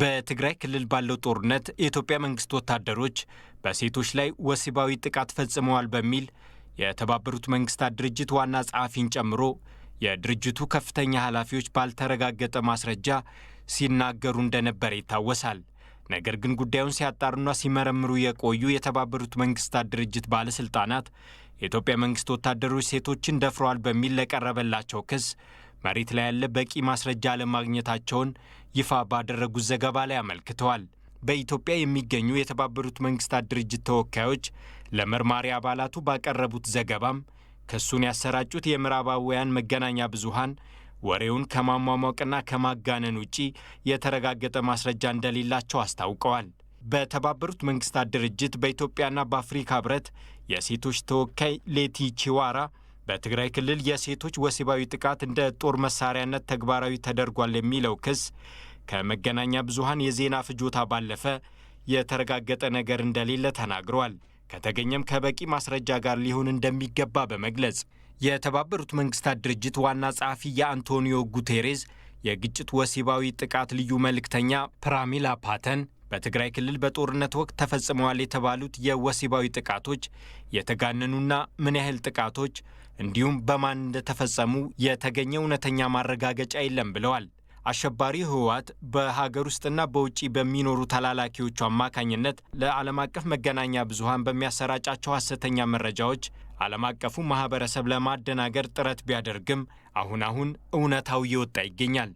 በትግራይ ክልል ባለው ጦርነት የኢትዮጵያ መንግስት ወታደሮች በሴቶች ላይ ወሲባዊ ጥቃት ፈጽመዋል በሚል የተባበሩት መንግስታት ድርጅት ዋና ጸሐፊን ጨምሮ የድርጅቱ ከፍተኛ ኃላፊዎች ባልተረጋገጠ ማስረጃ ሲናገሩ እንደነበረ ይታወሳል። ነገር ግን ጉዳዩን ሲያጣሩና ሲመረምሩ የቆዩ የተባበሩት መንግስታት ድርጅት ባለስልጣናት የኢትዮጵያ መንግስት ወታደሮች ሴቶችን ደፍረዋል በሚል ለቀረበላቸው ክስ መሬት ላይ ያለ በቂ ማስረጃ አለማግኘታቸውን ይፋ ባደረጉት ዘገባ ላይ አመልክተዋል። በኢትዮጵያ የሚገኙ የተባበሩት መንግስታት ድርጅት ተወካዮች ለመርማሪ አባላቱ ባቀረቡት ዘገባም ክሱን ያሰራጩት የምዕራባውያን መገናኛ ብዙሃን ወሬውን ከማሟሟቅና ከማጋነን ውጪ የተረጋገጠ ማስረጃ እንደሌላቸው አስታውቀዋል። በተባበሩት መንግስታት ድርጅት በኢትዮጵያና በአፍሪካ ህብረት የሴቶች ተወካይ ሌቲ ቺዋራ በትግራይ ክልል የሴቶች ወሲባዊ ጥቃት እንደ ጦር መሳሪያነት ተግባራዊ ተደርጓል የሚለው ክስ ከመገናኛ ብዙሃን የዜና ፍጆታ ባለፈ የተረጋገጠ ነገር እንደሌለ ተናግረዋል። ከተገኘም ከበቂ ማስረጃ ጋር ሊሆን እንደሚገባ በመግለጽ የተባበሩት መንግስታት ድርጅት ዋና ጸሐፊ የአንቶኒዮ ጉቴሬዝ የግጭት ወሲባዊ ጥቃት ልዩ መልእክተኛ ፕራሚላ ፓተን በትግራይ ክልል በጦርነት ወቅት ተፈጽመዋል የተባሉት የወሲባዊ ጥቃቶች የተጋነኑና ምን ያህል ጥቃቶች እንዲሁም በማን እንደተፈጸሙ የተገኘ እውነተኛ ማረጋገጫ የለም ብለዋል። አሸባሪ ህወሓት በሀገር ውስጥና በውጭ በሚኖሩ ተላላኪዎቹ አማካኝነት ለዓለም አቀፍ መገናኛ ብዙሃን በሚያሰራጫቸው ሐሰተኛ መረጃዎች ዓለም አቀፉ ማህበረሰብ ለማደናገር ጥረት ቢያደርግም አሁን አሁን እውነታው እየወጣ ይገኛል።